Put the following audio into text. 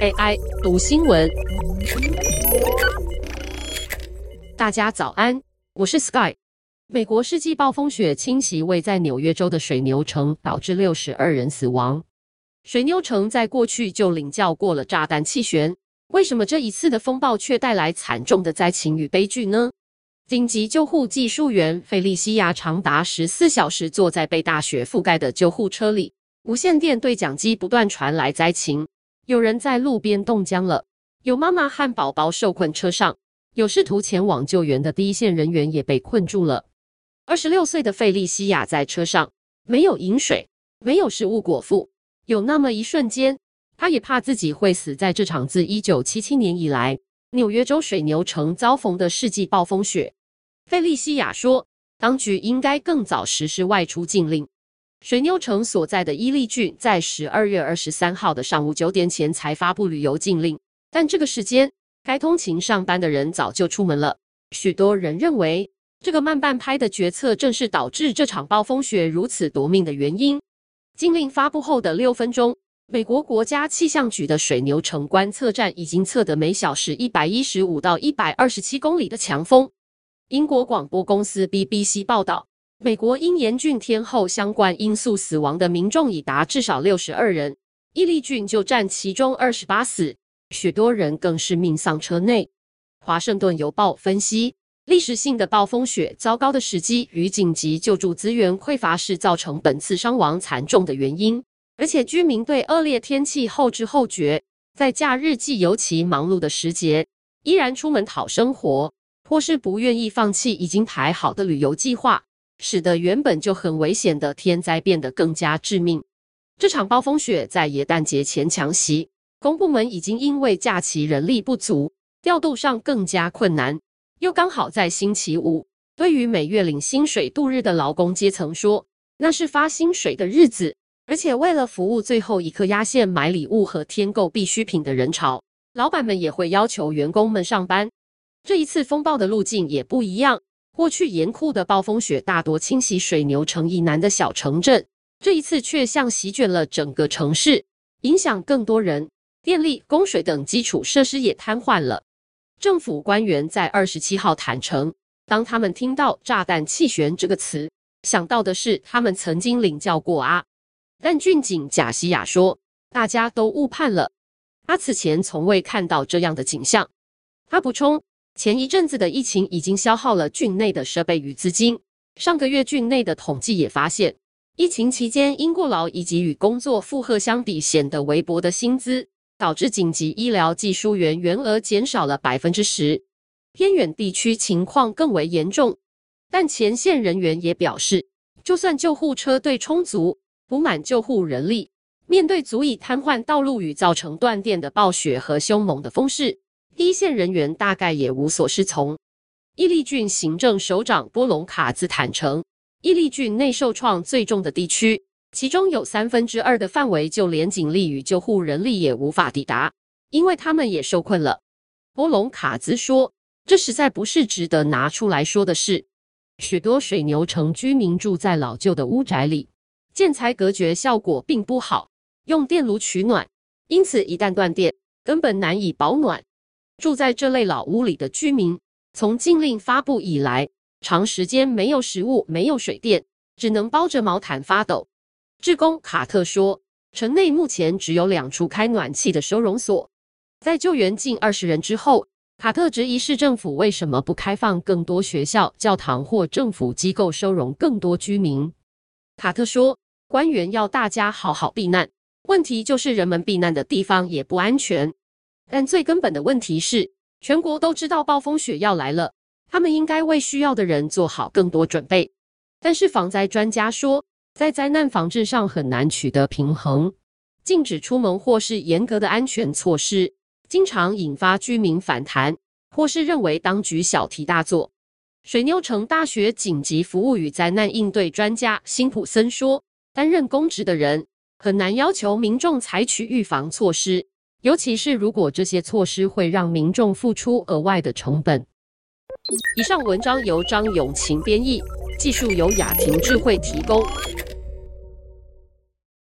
AI 讀新聞，大家早安，我是 Sky。美國世紀暴風雪侵襲位在紐約州的水牛城，導致六十二人死亡。水牛城在過去就領教過了炸彈氣旋，為什麼這一次的風暴卻帶來慘重的災情與悲劇呢？緊急救護技術員費利西亞長達十四小時坐在被大雪覆蓋的救護車裡。無線電對講機不斷傳來災情，有人在路邊凍僵了，有媽媽和寶寶受困車上，有試圖前往救援的第一線人員也被困住了。二十六歲的費利西亞在車上沒有飲水，沒有食物果腹，有那麼一瞬間，她也怕自己會死在這場自一九七七年以來紐約州水牛城遭逢的世紀暴風雪。費利西亞說，當局應該更早實施外出禁令。水牛城所在的伊利郡在十二月二十三號的上午九點前才發布旅遊禁令，但這個時間，該通勤上班的人早就出門了。許多人認為，這個慢半拍的決策正是導致這場暴風雪如此奪命的原因。禁令發布後的六分鐘，美國國家氣象局的水牛城觀測站已經測得每小時一百一十五到一百二十七公里的強風。英國廣播公司 BBC 報道。美國因嚴峻天候相關因素死亡的民眾已達至少六十二人，伊利郡就占其中二十八死，許多人更是命喪車內。華盛頓郵報分析，歷史性的暴風雪、糟糕的時機與緊急救助資源匱乏是造成本次傷亡慘重的原因，而且居民對惡劣天氣後知後覺，在假日季尤其忙碌的時節，依然出門討生活，或是不願意放棄已經排好的旅遊計劃，使得原本就很危險的天災變得更加致命。這場暴風雪在耶誕節前強襲，公部門已經因為假期人力不足，調度上更加困難，又剛好在星期五。對於每月領薪水度日的勞工階層說，那是發薪水的日子。而且為了服務最後一刻壓線買禮物和添購必需品的人潮，老板們也會要求員工們上班。這一次風暴的路徑也不一樣。過去嚴酷的暴風雪大多侵襲水牛城以南的小城鎮，這一次卻像席捲了整個城市，影響更多人。電力、供水等基礎設施也癱瘓了。政府官員在二十七號坦承，當他們聽到“炸彈氣旋”這個詞，想到的是他們曾經領教過啊。但郡警賈西雅說，大家都誤判了。他此前從未看到這樣的景象。他補充。前一陣子的疫情已經消耗了郡內的設備與資金。上個月郡內的統計也發現，疫情期間因過勞以及與工作負荷相比顯得微薄的薪資，導致緊急醫療技術員員額減少了百分之十。偏遠地區情況更為嚴重，但前線人員也表示，就算救護車隊充足、補滿救護人力，面對足以癱瘓道路與造成斷電的暴雪和兇猛的風勢，第一線人員大概也無所適從。伊利郡行政首長波隆卡茲坦承，伊利郡內受創最重的地區，其中有三分之二的範圍就連警力與救護人力也無法抵達，因為他們也受困了。波隆卡茲說：“這實在不是值得拿出來說的事。”許多水牛城居民住在老舊的屋宅裡，建材隔絕效果並不好，用電爐取暖，因此一旦斷電，根本難以保暖。住在這類老屋裡的居民，從禁令發布以來，長時間沒有食物、沒有水電，只能包着毛毯發抖。志工卡特說，城內目前只有兩處開暖氣的收容所，在救援近二十人之後，卡特質疑市政府為什麼不開放更多學校、教堂或政府機構收容更多居民。卡特說，官員要大家好好避難，問題就是人們避難的地方也不安全。但最根本的問題是，全國都知道暴風雪要來了，他們應該為需要的人做好更多準備。但是，防災專家說，在災難防治上很難取得平衡。禁止出門或是嚴格的安全措施，經常引發居民反彈，或是認為當局小題大做。水牛城大學緊急服務與災難應對專家辛普森說：“擔任公職的人很難要求民眾採取預防措施。”尤其是如果這些措施會讓民眾付出額外的成本。以上文章由張詠晴編譯，技術由雅婷智慧提供。